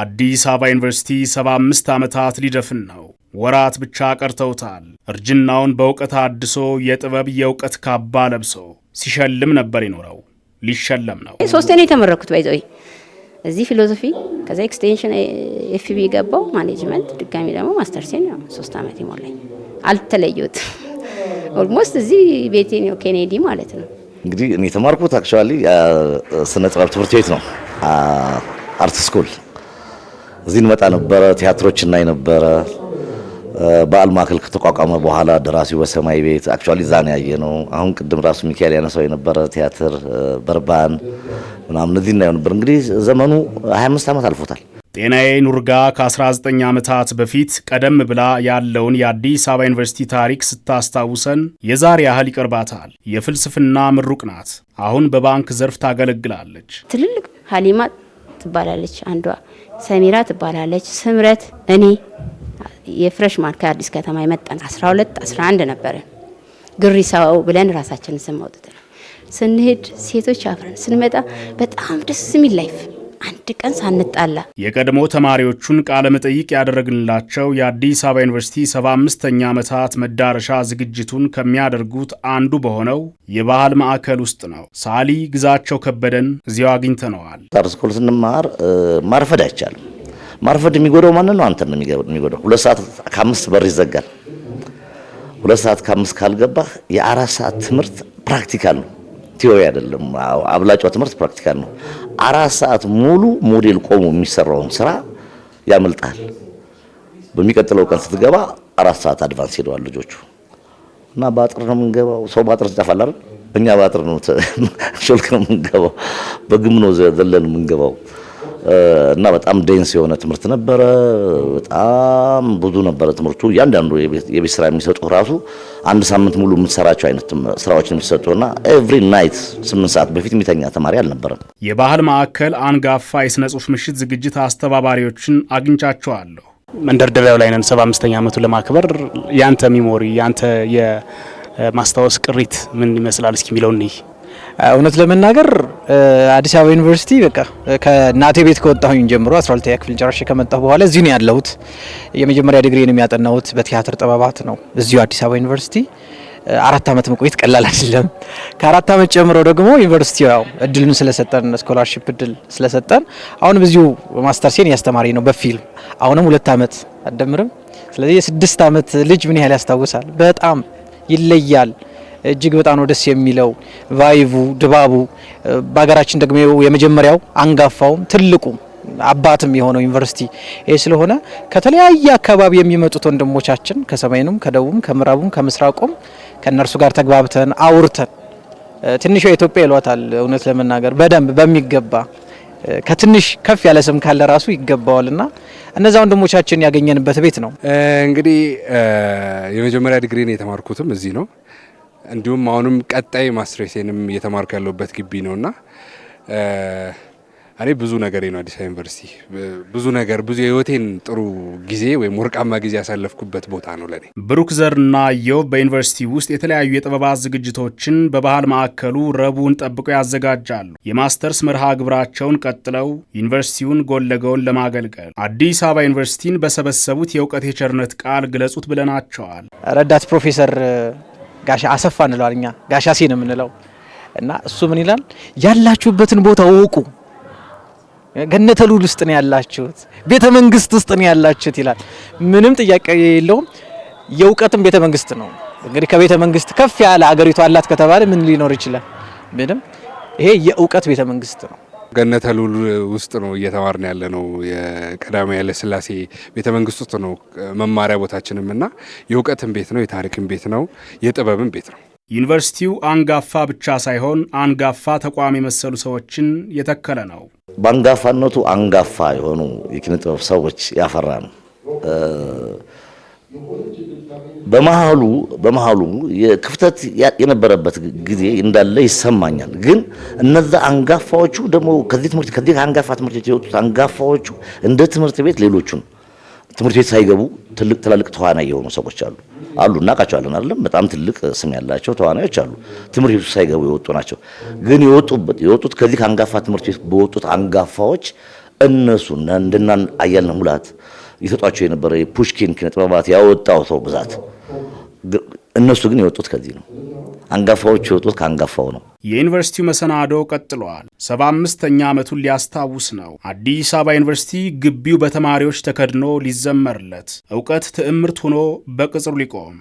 አዲስ አበባ ዩኒቨርሲቲ 75 ዓመታት ሊደፍን ነው። ወራት ብቻ ቀርተውታል። እርጅናውን በእውቀት አድሶ የጥበብ የእውቀት ካባ ለብሶ ሲሸልም ነበር የኖረው። ሊሸለም ነው። ሶስቴ ነው የተመረኩት። ባይዘ እዚህ ፊሎሶፊ፣ ከዛ ኤክስቴንሽን ኤፍቢ ገባው ማኔጅመንት፣ ድጋሚ ደግሞ ማስተርሴን ሶስት ዓመት ይሞላኝ። አልተለየሁት። ኦልሞስት እዚህ ቤቴን ኬኔዲ ማለት ነው። እንግዲህ እኔ የተማርኩት አክቹዋሊ ስነ ጥበብ ትምህርት ቤት ነው፣ አርት ስኩል እዚህ እንመጣ ነበረ፣ ቲያትሮች እናይ ነበረ። በዓል ማዕከል ከተቋቋመ በኋላ ደራሲው በሰማይ ቤት አክቹዋሊ እዛ ነው ያየ ነው። አሁን ቅድም ራሱ ሚካኤል ያነሳው የነበረ ቲያትር በርባን ምናምን እዚህ እናየው ነበር። እንግዲህ ዘመኑ 25 ዓመት አልፎታል። ጤናዬ ኑርጋ ከ19 ዓመታት በፊት ቀደም ብላ ያለውን የአዲስ አበባ ዩኒቨርሲቲ ታሪክ ስታስታውሰን የዛሬ ያህል ይቀርባታል። የፍልስፍና ምሩቅ ናት። አሁን በባንክ ዘርፍ ታገለግላለች። ትልልቅ ሀሊማ ትባላለች አንዷ ሰሚራ ትባላለች። ስምረት እኔ የፍረሽ የፍሬሽማን ከአዲስ ከተማ የመጣን 12 11 ግሪ ግሪሳው ብለን ራሳችንን ስም አውጥተን ስንሄድ ሴቶች አፍረን ስንመጣ በጣም ደስ የሚል ላይፍ አንድ ቀን ሳንጣላ የቀድሞ ተማሪዎቹን ቃለ መጠይቅ ያደረግንላቸው የአዲስ አበባ ዩኒቨርሲቲ 75ኛ ዓመታት መዳረሻ ዝግጅቱን ከሚያደርጉት አንዱ በሆነው የባህል ማዕከል ውስጥ ነው። ሳሊ ግዛቸው ከበደን እዚያው አግኝተነዋል። ስኩል ስንማር ማርፈድ አይቻልም። ማርፈድ የሚጎዳው ማን ነው? አንተ ነው የሚጎዳው። ሁለት ሰዓት ከአምስት በር ይዘጋል። ሁለት ሰዓት ከአምስት ካልገባህ የአራት ሰዓት ትምህርት ፕራክቲካል ነው። ቲዮሪ አይደለም። አብላጫው ትምህርት ፕራክቲካል ነው። አራት ሰዓት ሙሉ ሞዴል ቆሞ የሚሰራውን ስራ ያመልጣል። በሚቀጥለው ቀን ስትገባ አራት ሰዓት አድቫንስ ሄደዋል ልጆቹ እና በአጥር ነው የምንገባው። ሰው በአጥር ትጠፋል አይደል? እኛ በአጥር ነው ሾልክ ነው የምንገባው። በግም ነው ዘለን የምንገባው። እና በጣም ዴንስ የሆነ ትምህርት ነበረ። በጣም ብዙ ነበረ ትምህርቱ። እያንዳንዱ የቤት ስራ የሚሰጡ ራሱ አንድ ሳምንት ሙሉ የምትሰራቸው አይነት ስራዎች የሚሰጡና ኤቭሪ ናይት ስምንት ሰዓት በፊት የሚተኛ ተማሪ አልነበረም። የባህል ማዕከል አንጋፋ የስነ ጽሁፍ ምሽት ዝግጅት አስተባባሪዎችን አግኝቻቸዋለሁ። መንደርደሪያው ላይ ነን ሰባ አምስተኛ ዓመቱን ለማክበር ያንተ ሚሞሪ ያንተ የማስታወስ ቅሪት ምን ይመስላል እስኪ የሚለውን እውነት ለመናገር አዲስ አበባ ዩኒቨርሲቲ በቃ ከእናቴ ቤት ከወጣሁኝ ጀምሮ 12ኛ ክፍል ጨርሼ ከመጣሁ በኋላ እዚሁ ነው ያለሁት። የመጀመሪያ ዲግሪን የሚያጠናሁት በቲያትር ጥበባት ነው እዚሁ አዲስ አበባ ዩኒቨርሲቲ። አራት ዓመት መቆየት ቀላል አይደለም። ከአራት ዓመት ጨምሮ ደግሞ ዩኒቨርሲቲ ያው እድሉን ስለሰጠን ስኮላርሽፕ እድል ስለሰጠን አሁንም እዚሁ ሴን እያስተማሪ ነው በፊልም አሁንም ሁለት ዓመት አደምርም። ስለዚህ የስድስት ዓመት ልጅ ምን ያህል ያስታውሳል? በጣም ይለያል። እጅግ በጣም ነው ደስ የሚለው ቫይቡ፣ ድባቡ። በሀገራችን ደግሞ የመጀመሪያው አንጋፋውም ትልቁም አባትም የሆነው ዩኒቨርሲቲ ይህ ስለሆነ ከተለያየ አካባቢ የሚመጡት ወንድሞቻችን ከሰሜኑም፣ ከደቡብም፣ ከምዕራቡም፣ ከምስራቁም ከእነርሱ ጋር ተግባብተን አውርተን ትንሿ ኢትዮጵያ ይሏታል እውነት ለመናገር በደንብ በሚገባ ከትንሽ ከፍ ያለ ስም ካለ ራሱ ይገባዋል እነዛ ወንድሞቻችን ያገኘንበት ቤት ነው። እንግዲህ የመጀመሪያ ዲግሪን የተማርኩትም እዚህ ነው። እንዲሁም አሁንም ቀጣይ ማስትሬሴንም እየተማርኩ ያለሁበት ግቢ ነውና እኔ ብዙ ነገር ነው አዲስ አበባ ዩኒቨርሲቲ። ብዙ ነገር ብዙ የህይወቴን ጥሩ ጊዜ ወይም ወርቃማ ጊዜ ያሳለፍኩበት ቦታ ነው ለኔ። ብሩክ ዘርና የው በዩኒቨርሲቲ ውስጥ የተለያዩ የጥበባት ዝግጅቶችን በባህል ማዕከሉ ረቡን ጠብቀው ያዘጋጃሉ። የማስተርስ መርሃ ግብራቸውን ቀጥለው ዩኒቨርሲቲውን ጎን ለጎን ለማገልገል አዲስ አበባ ዩኒቨርሲቲን በሰበሰቡት የእውቀት የቸርነት ቃል ግለጹት ብለናቸዋል። ረዳት ፕሮፌሰር ጋሻ አሰፋ እንለዋል እኛ ጋሻ ሴ ነው የምንለው። እና እሱ ምን ይላል ያላችሁበትን ቦታ ወቁ፣ ገነተ ውስጥ ነው ያላችሁት፣ ቤተ መንግስት ውስጥ ነው ያላችሁት ይላል። ምንም ጥያቄ የለውም። የእውቀትም ቤተ መንግስት ነው። እንግዲህ ከቤተ መንግስት ከፍ ያለ አገሪቱ አላት ከተባለ ምን ሊኖር ይችላል? ምንም። ይሄ የእውቀት ቤተ መንግስት ነው። ገነተ ሉል ውስጥ ነው እየተማርን ያለ ነው። የቀዳማዊ ኃይለ ሥላሴ ቤተ መንግስት ውስጥ ነው መማሪያ ቦታችንም እና የእውቀትም ቤት ነው፣ የታሪክም ቤት ነው፣ የጥበብም ቤት ነው። ዩኒቨርሲቲው አንጋፋ ብቻ ሳይሆን አንጋፋ ተቋም የመሰሉ ሰዎችን የተከለ ነው። በአንጋፋነቱ አንጋፋ የሆኑ የኪነ ጥበብ ሰዎች ያፈራ ነው። በመሃሉ በመሃሉ ክፍተት የነበረበት ጊዜ እንዳለ ይሰማኛል። ግን እነዛ አንጋፋዎቹ ደግሞ ከዚህ ትምህርት ከዚህ አንጋፋ ትምህርት ቤት የወጡት አንጋፋዎቹ እንደ ትምህርት ቤት ሌሎቹን ትምህርት ቤት ሳይገቡ ትልቅ ትላልቅ ተዋናይ የሆኑ ሰዎች አሉ አሉ እናውቃቸዋለን፣ አይደለም በጣም ትልቅ ስም ያላቸው ተዋናዮች አሉ። ትምህርት ቤቱ ሳይገቡ የወጡ ናቸው። ግን የወጡበት የወጡት ከዚህ ከአንጋፋ ትምህርት ቤት በወጡት አንጋፋዎች እነሱ እንደናን አያልነህ ሙላት ይሰጧቸው የነበረ የፑሽኪን ኪነጥበባት ያወጣው ሰው ብዛት እነሱ ግን የወጡት ከዚህ ነው። አንጋፋዎች የወጡት ከአንጋፋው ነው። የዩኒቨርሲቲው መሰናዶ ቀጥሏል። ሰባ አምስተኛ ዓመቱን ሊያስታውስ ነው። አዲስ አበባ ዩኒቨርሲቲ ግቢው በተማሪዎች ተከድኖ ሊዘመርለት እውቀት ትዕምርት ሆኖ በቅጽሩ ሊቆም